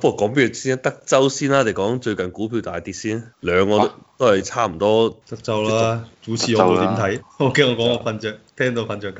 不過講邊嘅先，德州先啦、啊，你講最近股票大跌先、啊？兩個都都係差唔多。德州啦，股市即就 持我點睇？我驚 我講我瞓着，州聽到瞓着覺。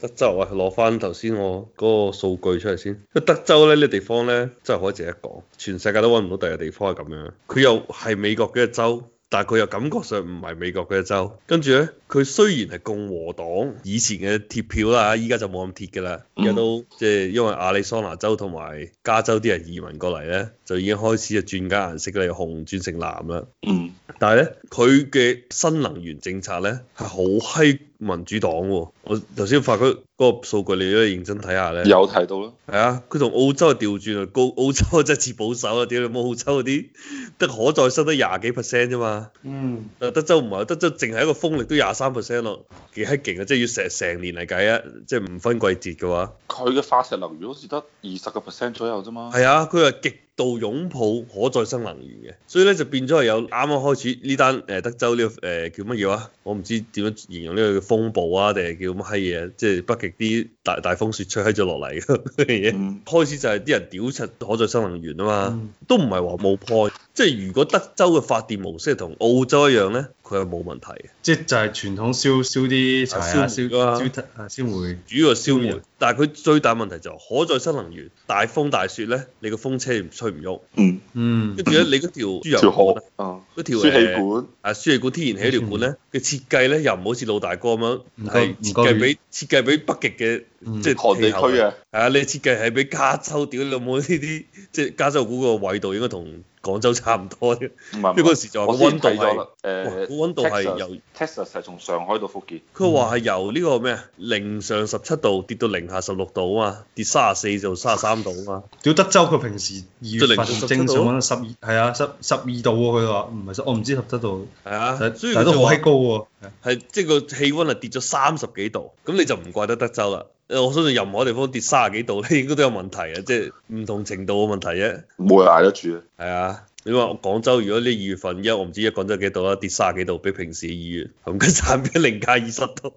德州啊，攞翻頭先我嗰個數據出嚟先。德州咧呢、這個地方咧真係可以值一講，全世界都搵唔到第二個地方係咁樣。佢又係美國嘅一州。但係佢又感覺上唔係美國嘅一州，跟住咧，佢雖然係共和黨以前嘅鐵票啦，依家就冇咁鐵㗎啦，依家都即係、就是、因為亞利桑那州同埋加州啲人移民過嚟咧，就已經開始啊轉緊顏色啦，由紅轉成藍啦。嗯，但係咧，佢嘅新能源政策咧係好閪。民主黨喎，我頭先發佢嗰個數據，你都係認真睇下咧。有睇到咯。係啊，佢同澳洲調轉啊，高澳洲真係似保守啊，屌你冇澳洲嗰啲得可再生得廿幾 percent 啫嘛？嗯。啊，德州唔係，德州淨係一個風力都廿三 percent 咯，幾閪勁啊！即係要成成年嚟計啊，即係唔分季節嘅話。佢嘅化石能源好似得二十個 percent 左右啫嘛。係啊，佢係極。度擁抱可再生能源嘅，所以咧就變咗係有啱啱開始呢單誒德州呢、這個誒、呃、叫乜嘢啊？我唔知點樣形容呢個風暴啊，定係叫乜閪嘢？即、就、係、是、北極啲大大風雪吹喺咗落嚟嘅嘢， 開始就係啲人屌柒可再生能源啊嘛，都唔係話冇 point。即係如果德州嘅發電模式同澳洲一樣咧，佢係冇問題嘅。即係就係傳統燒燒啲柴燒啊、燒啊、燒煤，主要燒煤。燒煤但係佢最大問題就可再生能源，大風大雪咧，你個風車唔吹唔喐、嗯。嗯嗯。跟住咧，你嗰條輸油管、輸氣管、輸、啊、氣管、天然氣條管咧，嘅、嗯、設計咧又唔好似老大哥咁樣，係、嗯、設計俾設計俾北極嘅即係寒地區啊。係啊，你設計係俾加州，屌你有冇呢啲，即係加州嗰個緯度應該同。廣州差唔多嘅，唔係，因為嗰時就話個溫度係誒，個溫度係由 Texas 從上海到福建，佢話係由呢個咩零上十七度跌到零下十六度啊嘛，跌三十四就三十三度啊嘛。屌德州佢平時二月發熱正常十二係啊，十十二度喎，佢話唔係，我唔知十七度。係啊，但係都好閪高喎，係即係個氣溫係跌咗三十幾度，咁你就唔怪得德州啦。我相信任何地方跌卅幾度咧，應該都有問題啊，即係唔同程度嘅問題啫。冇人捱得住啊！係啊，你話廣州如果呢二月份一，因為我唔知一廣州幾度啦，跌卅幾度，度比平時二月同佢差唔多零加二十度。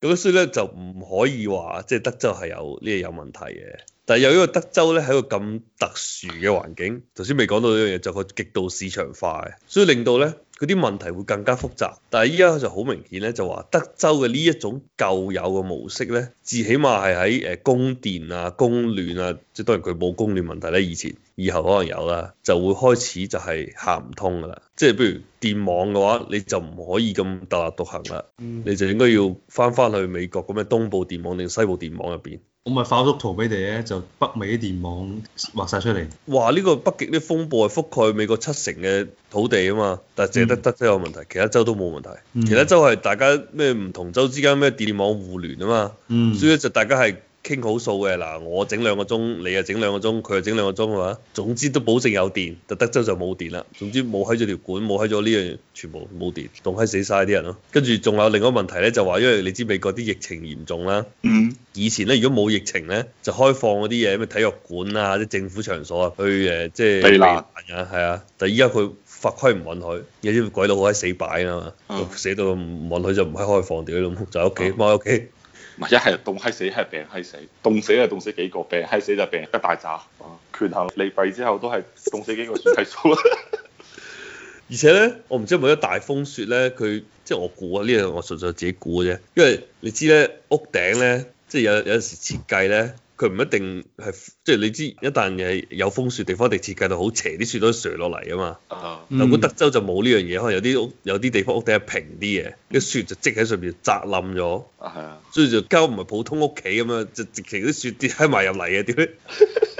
咁 所以咧就唔可以話，即係德州係有呢，係、這個、有問題嘅。但係有呢個德州咧，係一個咁特殊嘅環境，頭先未講到呢樣嘢，就佢極度市場化嘅，所以令到咧嗰啲問題會更加複雜。但係依家就好明顯咧，就話德州嘅呢一種舊有嘅模式咧，至起碼係喺誒供電啊、供暖啊，即係當然佢冇供暖問題咧。以前以後可能有啦，就會開始就係行唔通噶啦。即係譬如電網嘅話，你就唔可以咁獨立獨行啦，你就應該要翻翻去美國咁嘅東部電網定西部電網入邊。我咪發幅圖俾你咧，就北美啲電網畫晒出嚟。哇！呢、這個北極啲風暴係覆蓋美國七成嘅土地啊嘛，但係淨係得德州有問題，嗯、其他州都冇問題。嗯、其他州係大家咩唔同州之間咩電網互聯啊嘛，嗯、所以咧，就大家係。傾好數嘅，嗱我整兩個鐘，你又整兩個鐘，佢又整兩個鐘啊嘛。總之都保證有電，就德州就冇電啦。總之冇喺咗條管，冇喺咗呢樣，全部冇電，凍閪死晒啲人咯。跟住仲有另一個問題咧，就話因為你知美國啲疫情嚴重啦。以前咧，如果冇疫情咧，就開放嗰啲嘢，咩體育館啊、啲政府場所啊，去誒、呃，即係。對啊，啊，但係依家佢法規唔允許，有啲鬼佬好閪死擺啊嘛，嗯、就死到唔允許就唔可開放啲咁，就喺屋企踎喺屋企。唔係，一係凍閪死，一係病閪死。凍死就凍死幾個，病閪死就病一大紮、啊。權衡利弊之後都係凍死幾個算計數啦。而且咧，我唔知係咪一大風雪咧，佢即係我估啊，呢樣我純粹自己估嘅啫。因為你知咧，屋頂咧，即係有有時設計咧。佢唔一定係即係你知一旦係有風雪地方，地設計到好斜，啲雪都垂落嚟啊嘛。啊、uh，嗱、huh.，我估德州就冇呢樣嘢，可能有啲屋有啲地方屋頂係平啲嘅，啲雪就積喺上邊，砸冧咗。啊，係啊，所以就交唔係普通屋企咁樣，就直情啲雪跌喺埋入嚟啊，點咧？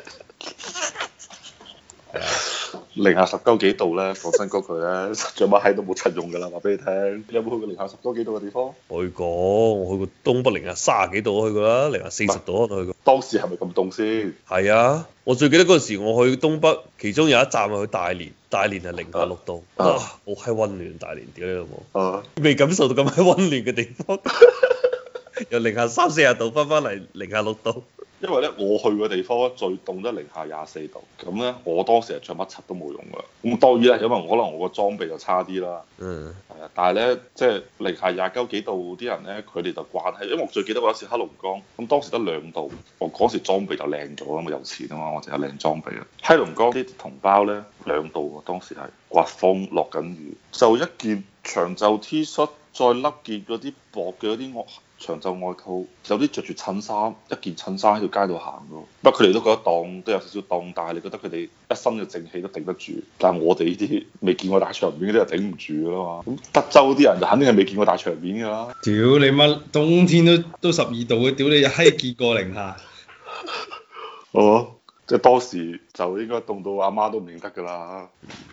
零下十多幾度咧，講真嗰句咧，着乜鞋都冇襯用噶啦，話俾你聽。你有冇去過零下十多幾度嘅地方？我去過，我去過東北零下卅幾度，我去過啦，零下四十度我去過。當時係咪咁凍先？係啊，我最記得嗰陣時我去東北，其中有一站係去大連，大連係零下六度，啊，好閪温暖，大連點樣㗎？未、啊啊、感受到咁閪温暖嘅地方， 由零下三四十度翻返嚟零下,零下六度。因為咧，我去嘅地方咧，最凍得零下廿四度，咁咧我當時係着乜柒都冇用噶。咁當然啦，因為可能我個裝備就差啲啦。嗯。係啊，但係咧，即係零下廿九幾度啲人咧，佢哋就慣係，因為我最記得嗰次黑龍江，咁當時得兩度，我嗰時裝備就靚咗，因為有錢啊嘛，我就有靚裝備啊。黑龍江啲同胞咧，兩度喎，當時係刮風落緊雨，就一件長袖 T 恤。再笠件嗰啲薄嘅嗰啲外長袖外套，有啲着住襯衫，一件襯衫喺條街度行咯。不過佢哋都覺得凍都有少少凍，但係你覺得佢哋一身嘅正氣都頂得住。但係我哋呢啲未見過大場面嗰啲就頂唔住㗎啦嘛。咁德州啲人就肯定係未見過大場面㗎啦。屌你媽！冬天都都十二度嘅，屌你閪！結過零下。我。 即係當時就應該凍到阿媽都唔認得㗎啦！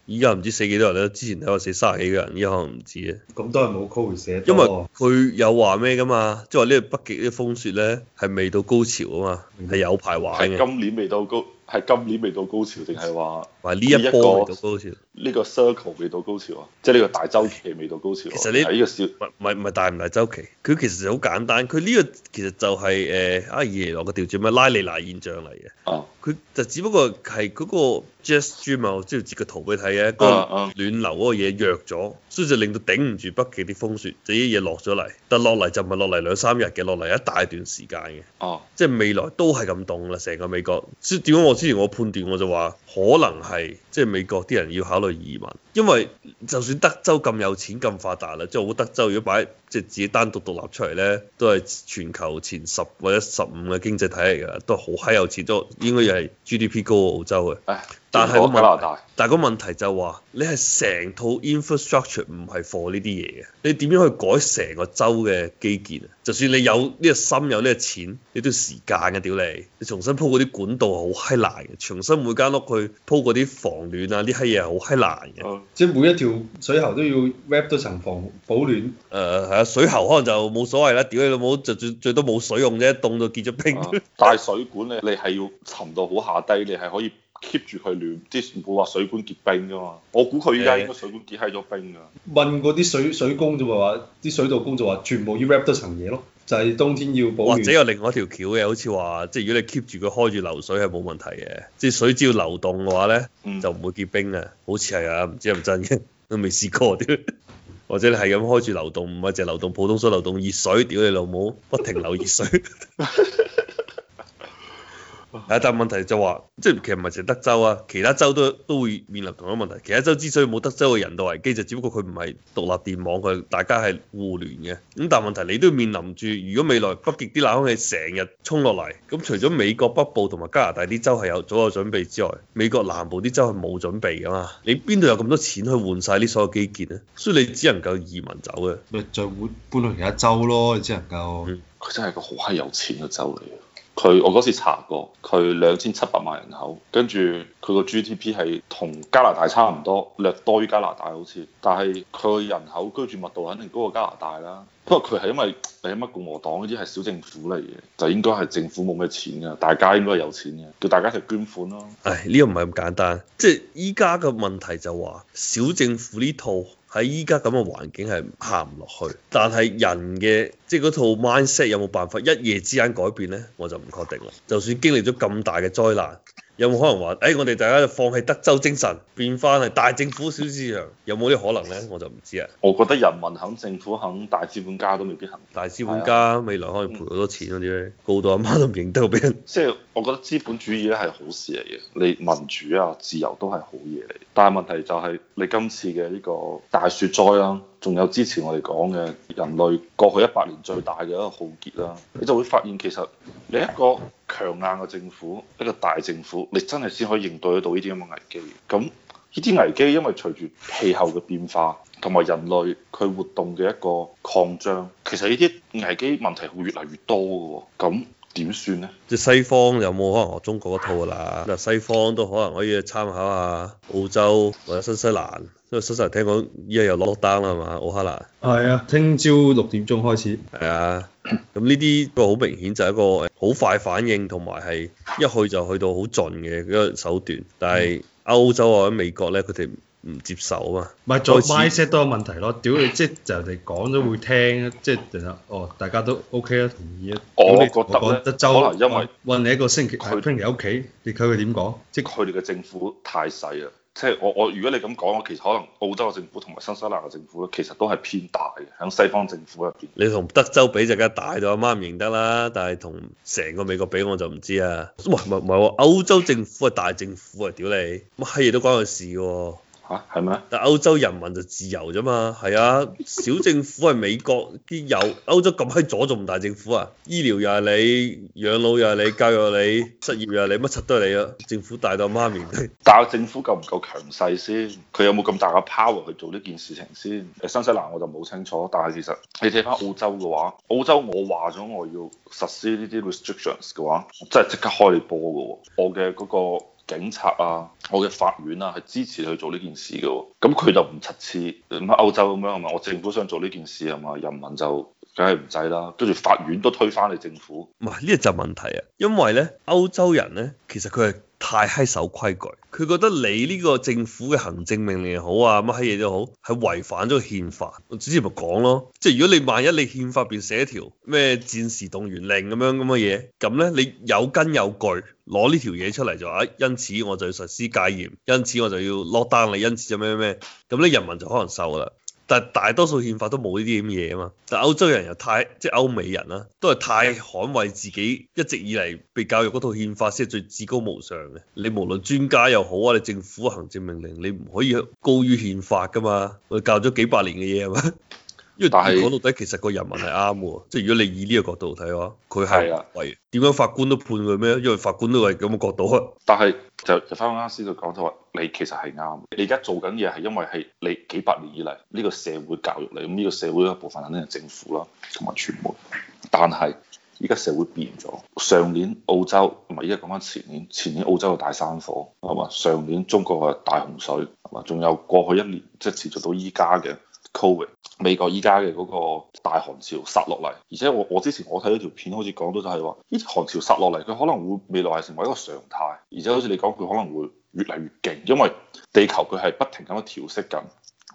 依家唔知死幾多人咧，之前睇話死卅幾個人，依家可能唔知啊。咁都係冇 cover。因為佢有話咩㗎嘛，即係話呢個北極啲風雪呢，係未到高潮啊嘛，係有排玩嘅。今年未到高，係今年未到高潮定係話？話呢一波未到高潮，呢個 circle 未到高潮啊，即係呢個大周期未到高潮。其實呢個唔係唔係大唔大周期？佢其實好簡單，佢呢個其實就係誒阿爺落個調轉咩拉尼娜現象嚟嘅。哦，佢就只不過係嗰、那個 just dream 專門即係截個圖俾你睇嘅，嗰、那個暖流嗰個嘢弱咗，所以就令到頂唔住北極啲風雪，就啲嘢落咗嚟。但落嚟就唔係落嚟兩三日嘅，落嚟一大段時間嘅。哦，啊、即係未來都係咁凍啦，成個美國。所以點解我之前我判斷我就話可能係。係即係美國啲人要考慮移民，因為就算德州咁有錢咁發達啦，即係我覺得德州如果擺，即係自己單獨獨立出嚟咧，都係全球前十或者十五嘅經濟體嚟㗎，都係好嗨有錢，都應該要係 GDP 高過澳洲嘅。但係個問題，但係個問題就話你係成套 infrastructure 唔係貨呢啲嘢嘅，你點樣去改成個州嘅基建啊？就算你有呢個心，有呢個錢，你都要時間嘅屌你，你重新鋪嗰啲管道好閪難嘅，重新每間屋去鋪嗰啲防暖啊啲閪嘢好閪難嘅，即係每一條水喉都要 wrap 多層防保暖。誒係啊，水喉可能就冇所謂啦，屌你老母就最最多冇水用啫，凍到結咗冰，啊。 但係水管咧，你係要沉到好下低，你係可以。keep 住佢暖，即係唔會話水管結冰噶嘛？我估佢依家應該水管結係咗冰㗎。問過啲水水工就話，啲水道工就話，全部要 wrap 得層嘢咯，就係、是、冬天要保暖。或者有另外一條橋嘅，好似話，即係如果你 keep 住佢開住流水係冇問題嘅，即係水只要流動嘅話咧，嗯、就唔會結冰啊。好似係啊，唔知係咪真嘅，都未試過啲。或者你係咁開住流動，唔係淨係流動普通水流動，熱水屌你老母，不停流熱水。 係，但問題就話，即係其實唔係淨德州啊，其他州都都會面臨同樣問題。其他州之所以冇德州嘅人道危機，就只不過佢唔係獨立電網，佢大家係互聯嘅。咁但問題你都要面臨住，如果未來北極啲冷空氣成日衝落嚟，咁除咗美國北部同埋加拿大啲州係有早有準備之外，美國南部啲州係冇準備㗎嘛？你邊度有咁多錢去換晒呢所有基建啊？所以你只能夠移民走嘅，咪就搬搬到其他州咯？你只能夠，佢真係個好閪有錢嘅州嚟。佢我嗰時查過，佢兩千七百萬人口，跟住佢個 GDP 係同加拿大差唔多，略多於加拿大好似，但係佢人口居住密度肯定高過加拿大啦。不過佢係因為誒乜共和黨嗰啲係小政府嚟嘅，就應該係政府冇咩錢嘅，大家應該係有錢嘅，叫大家一齊捐款咯。唉，呢個唔係咁簡單，即係依家嘅問題就話小政府呢套。喺依家咁嘅環境係行唔落去，但是，但係人嘅即係嗰套 mindset 有冇辦法一夜之間改變咧？我就唔確定啦。就算經歷咗咁大嘅災難。有冇可能話？誒、哎，我哋大家就放棄德州精神，變翻係大政府小市場，有冇啲可能呢？我就唔知啦。我覺得人民肯，政府肯，大資本家都未必肯。大資本家、哎、呀未來可以賠好多錢嗰啲咧，嗯、告到阿媽，媽都唔認得到，俾人。即係我覺得資本主義咧係好事嚟嘅，你民主啊、自由都係好嘢嚟。但係問題就係你今次嘅呢個大雪災啦、啊。仲有之前我哋講嘅人類過去一百年最大嘅一個浩劫啦，你就會發現其實你一個強硬嘅政府，一個大政府，你真係先可以應對得到呢啲咁嘅危機，咁呢啲危機因為隨住氣候嘅變化同埋人類佢活動嘅一個擴張，其實呢啲危機問題會越嚟越多嘅，咁點算咧？即係西方有冇可能學中國嗰套啊？嗱，西方都可能可以參考下澳洲或者新西蘭，因為新西蘭聽講依家又 lockdown 啦，係嘛？奧克蘭係啊，聽朝六點鐘開始係啊，咁呢啲個好明顯就係一個好快反應同埋係一去就去到好盡嘅一個手段，但係歐洲或者美國咧，佢哋。唔接受啊嘛，唔係再 mindset 次 都有問題咯。屌你， 即係就人哋講咗會聽，即係其實哦，大家都 OK 啦，同意啦。我哋覺得德州可能因為餵你一個星期去星期喺屋企，你佢會點講？即係佢哋嘅政府太細啦。即係我我如果你咁講，其實可能澳洲嘅政府同埋新西蘭嘅政府其實都係偏大嘅，喺西方政府入邊。你同德州比就梗大到阿媽唔認得啦，但係同成個美國比我就唔知啊。唔係唔係唔係，歐洲政府係大政府啊！屌你，乜閪嘢都關佢事喎，啊。係咩？但歐洲人民就自由啫嘛，係啊，小政府係美國啲有歐洲咁閪左，仲唔大政府啊？醫療又係你，養老又係你，教育你，失業又係你，乜柒都係你啊！政府大到媽咪， 但係政府夠唔夠強勢先？佢有冇咁大嘅 power 去做呢件事情先？誒，新西蘭我就冇清楚，但係其實你睇返澳洲嘅話，澳洲我話咗我要實施呢啲 restrictions 嘅話，我真係即刻開你波嘅喎，我嘅嗰、那個。警察啊，我嘅法院啊，係支持去做呢件事嘅哦，咁佢就唔插翅。咁歐洲咁樣係嘛？我政府想做呢件事係嘛？人民就梗係唔制啦，跟住法院都推翻你政府。唔係呢就問題啊，因為咧歐洲人咧，其實佢係太閪守規矩。佢覺得你呢個政府嘅行政命令又好啊，乜閪嘢都好，係違反咗憲法。我之前咪講咯，即係如果你萬一你憲法入邊寫條咩戰時動員令咁樣咁嘅嘢，咁咧你有根有據攞呢條嘢出嚟就話，因此我就要實施戒嚴，因此我就要 lockdown 你，因此就咩咩咩，咁咧人民就可能受㗎啦。但係大多數憲法都冇呢啲咁嘅嘢啊嘛，但係歐洲人又太即係歐美人啦，都係太捍衞自己一直以嚟被教育嗰套憲法先係最至高無上嘅。你無論專家又好啊，你政府行政命令你唔可以高於憲法噶嘛，我哋教咗幾百年嘅嘢係嘛。因為講到底，其實個人民係啱嘅，是即係如果你以呢個角度睇嘅話，佢係為點樣的法官都判佢咩？因為法官都係咁嘅角度。但係就翻我啱先就講就話，你其實係啱。你而家做緊嘢係因為係你幾百年以嚟呢個社會教育嚟，咁呢個社會一部分肯定係政府啦，同埋傳媒。但係依家社會變咗，上年澳洲同埋依家講翻前年，前年澳洲嘅大山火，係嘛？上年中國嘅大洪水，係嘛？仲有過去一年即係持續到依家嘅。Covid，美國依家嘅嗰個大寒潮殺落嚟，而且我我之前我睇咗條片，好似講到就係話，呢啲寒潮殺落嚟，佢可能會未來係成為一個常態，而且好似你講，佢可能會越嚟越勁，因為地球佢係不停咁樣調適緊。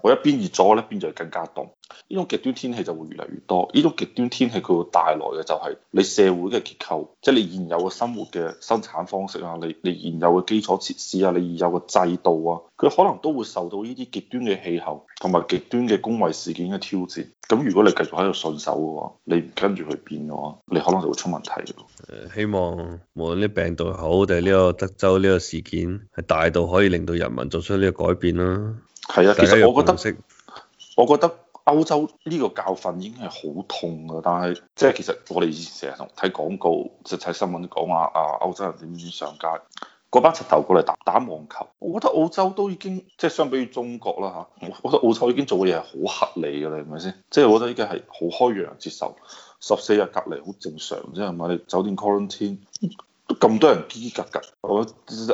我一邊熱咗咧，一邊就更加凍。呢種極端天氣就會越嚟越多。呢種極端天氣佢會帶來嘅就係你社會嘅結構，即係你現有嘅生活嘅生產方式啊，你你現有嘅基礎設施啊，你現有嘅制度啊，佢可能都會受到呢啲極端嘅氣候同埋極端嘅公衛事件嘅挑戰。咁如果你繼續喺度順手嘅話，你唔跟住去變嘅話，你可能就會出問題。誒，希望無論啲病毒好定係呢個德州呢個事件係大到可以令到人民做出呢個改變啦。係啊，其實我覺得，我覺得歐洲呢個教訓已經係好痛啊！但係即係其實我哋以前成日同睇廣告，即係睇新聞講啊啊歐洲人點點上街，嗰班柒頭過嚟打打網球。我覺得澳洲都已經即係、就是、相比於中國啦嚇、啊，我覺得澳洲已經做嘅嘢係好合理㗎啦，係咪先？即、就、係、是、我覺得依家係好開揚接受十四日隔離好正常，即係咪你酒店 quarantine？都咁多人嘰嘰格格，我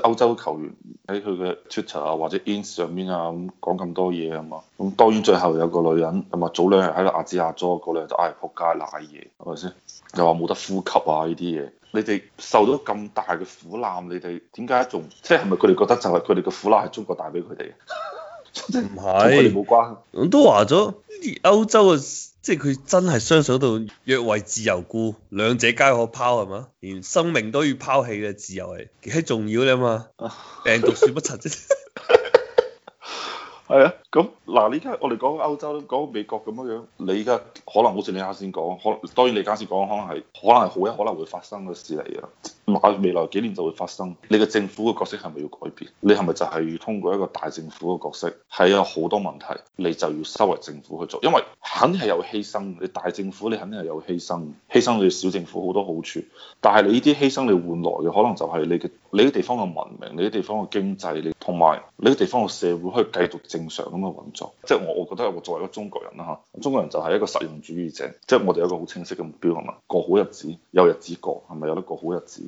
歐洲球員喺佢嘅 Twitter 啊或者 Ins 上面啊咁講咁多嘢啊嘛，咁當然最後有個女人，咁啊早兩日喺度壓支壓咗，嗰兩日就嗌「撲街賴嘢」，係咪先？又話冇得呼吸啊呢啲嘢，你哋受到咁大嘅苦難，你哋點解仲即係咪佢哋覺得就係佢哋嘅苦難係中國帶俾佢哋？唔係，關都話咗，歐洲啊，即係佢真係相信到若為自由故，兩者皆可拋係嘛，連生命都要拋棄嘅自由係幾重要咧嘛，病毒算乜柒啫？係啊。咁嗱，你而家我哋講歐洲，講美國咁樣樣，你而家可能好似你啱先講，可能當然你啱先講可能係可能係好有可能會發生嘅事嚟嘅。嘛未來幾年就會發生，你嘅政府嘅角色係咪要改變？你係咪就係要通過一個大政府嘅角色，係有好多問題，你就要收為政府去做，因為肯定係有犧牲。你大政府你肯定係有犧牲，犧牲你小政府好多好處，但係你呢啲犧牲你換來嘅可能就係你嘅你啲地方嘅文明，你啲地方嘅經濟，你同埋你啲地方嘅社會可以繼續正常。作，即係我我覺得我作為一個中國人啦吓，中國人就係一個實用主義者，即係我哋有一個好清晰嘅目標係咪？過好日子，有日子過係咪有得過好日子？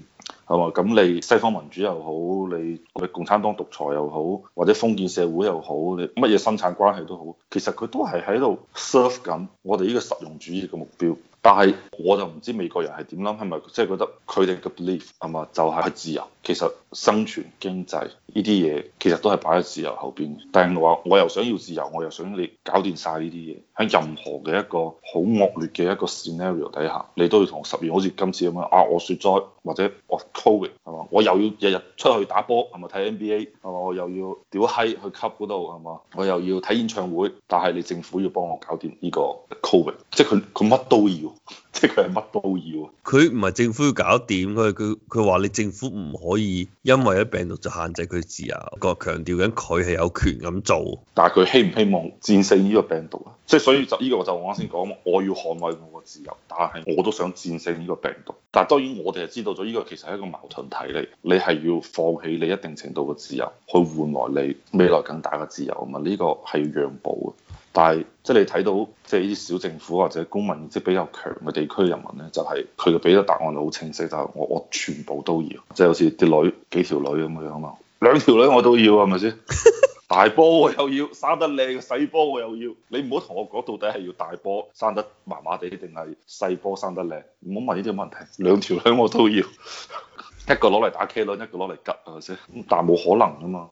係嘛，咁你西方民主又好，你共產黨獨裁又好，或者封建社會又好，你乜嘢生產關係都好，其實佢都係喺度 serve 緊我哋呢個實用主義嘅目標，但係我就唔知美國人係點諗，係咪即係覺得佢哋嘅 belief 係嘛就係去自由。其實生存、經濟呢啲嘢，其實都係擺喺自由後邊。但係我話，我又想要自由，我又想你搞掂晒呢啲嘢。喺任何嘅一個好惡劣嘅一個 scenario 底下，你都要同我實現好似今次咁樣啊！我雪災或者我 covid 係嘛？我又要日日出去打波係咪？睇 NBA 係嘛？我又要屌閪去 club 嗰度係嘛？我又要睇演唱會，但係你政府要幫我搞掂呢個 covid，即係佢佢乜都要，即係佢係乜都要。佢唔係政府要搞掂佢，佢佢話你政府唔可。可以因為一病毒就限制佢自由，個強調緊佢係有權咁做，但係佢希唔希望戰勝呢個病毒啊？即係所以就呢個就我啱先講，我要捍衛我個自由，但係我都想戰勝呢個病毒。但係當然我哋係知道咗呢個其實係一個矛盾體嚟，你係要放棄你一定程度嘅自由，去換來你未來更大嘅自由啊嘛？呢個係要讓步嘅。但係即係你睇到即係呢啲小政府或者公民意識比較強嘅地區人民呢，就係佢嘅俾嘅答案好清晰，就係我我全部都要，即係好似啲女幾條女咁樣嘛，兩條女我都要係咪先？是是 大波我又要，生得靚嘅細波我又要，你唔好同我講到底係要大波生得麻麻地定係細波生得靚，唔好問呢啲問題。兩條女我都要，一個攞嚟打 K 輪，一個攞嚟吉係咪先，但係冇可能啊嘛。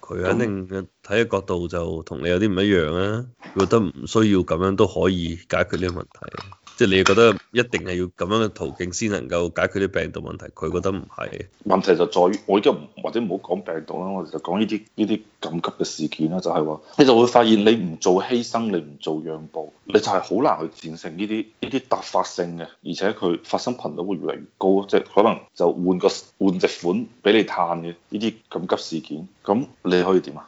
佢肯 定睇嘅角度就同你有啲唔一樣啊。覺得唔需要咁樣都可以解決呢個問題，即係你覺得一定係要咁樣嘅途徑先能夠解決啲病毒問題。佢覺得唔係，問題就在於我而家或者唔好講病毒啦，我哋就講呢啲呢啲緊急嘅事件啦，就係話你就會發現你唔做犧牲，你唔做讓步，你就係好難去戰勝呢啲呢啲突發性嘅，而且佢發生頻率會越嚟越高，即係可能就換個換隻款俾你嘆嘅呢啲緊急事件，咁你可以點啊？